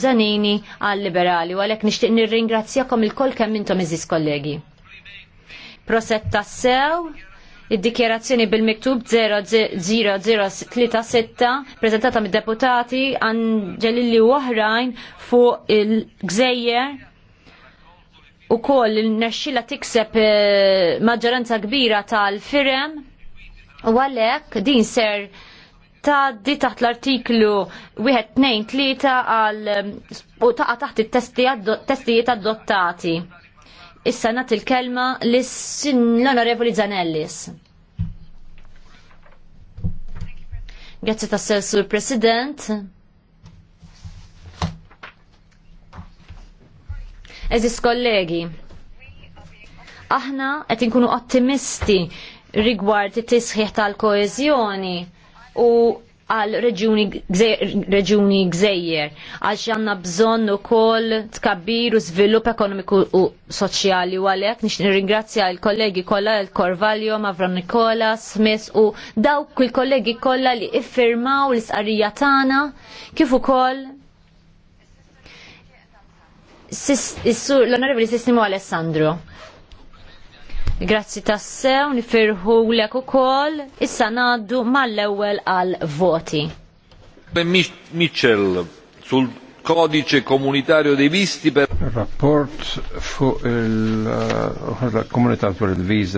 Zanini għal-liberali, u għalek nishtiq nir-ringrazzjakom il-koll kemm intom iżis kollegi. Prosetta sew, id-dikjerazzjoni bil-miktub 00036 prezentata mid-deputati Angelilli u oħrajn fuq il-gżejjer u koll il-nexxila tikseb eh, maġġoranza kbira tal-firem u għalek din ser di taħt l-artiklu 1-2-3 għal um, u taqa taħt il-testijiet adottati. Issa nat il-kelma l-onorevoli Zanellis. Grazie sessu sur President. Eżis kollegi, aħna qed inkunu ottimisti rigward it-tisħiħ tal-koeżjoni u għal reġuni gżejjer, għal xanna bżon u kol tkabbir u svilup ekonomiku u soċjali u għalek nix nirringrazzja il-kollegi kolla il-Korvalio, Mavron Nikola, Smith u dawk il-kollegi kolla li iffirmaw l-isqarija tana kif ukoll l-onorevoli Sisnimo Alessandro Grazzi tassew, nifirħu l-ek u kol, issa naddu mal-ewel għal-voti. Ben Mitchell, sul kodice komunitario dei visti per... Rapport fu il-komunità eh, uh, il-viza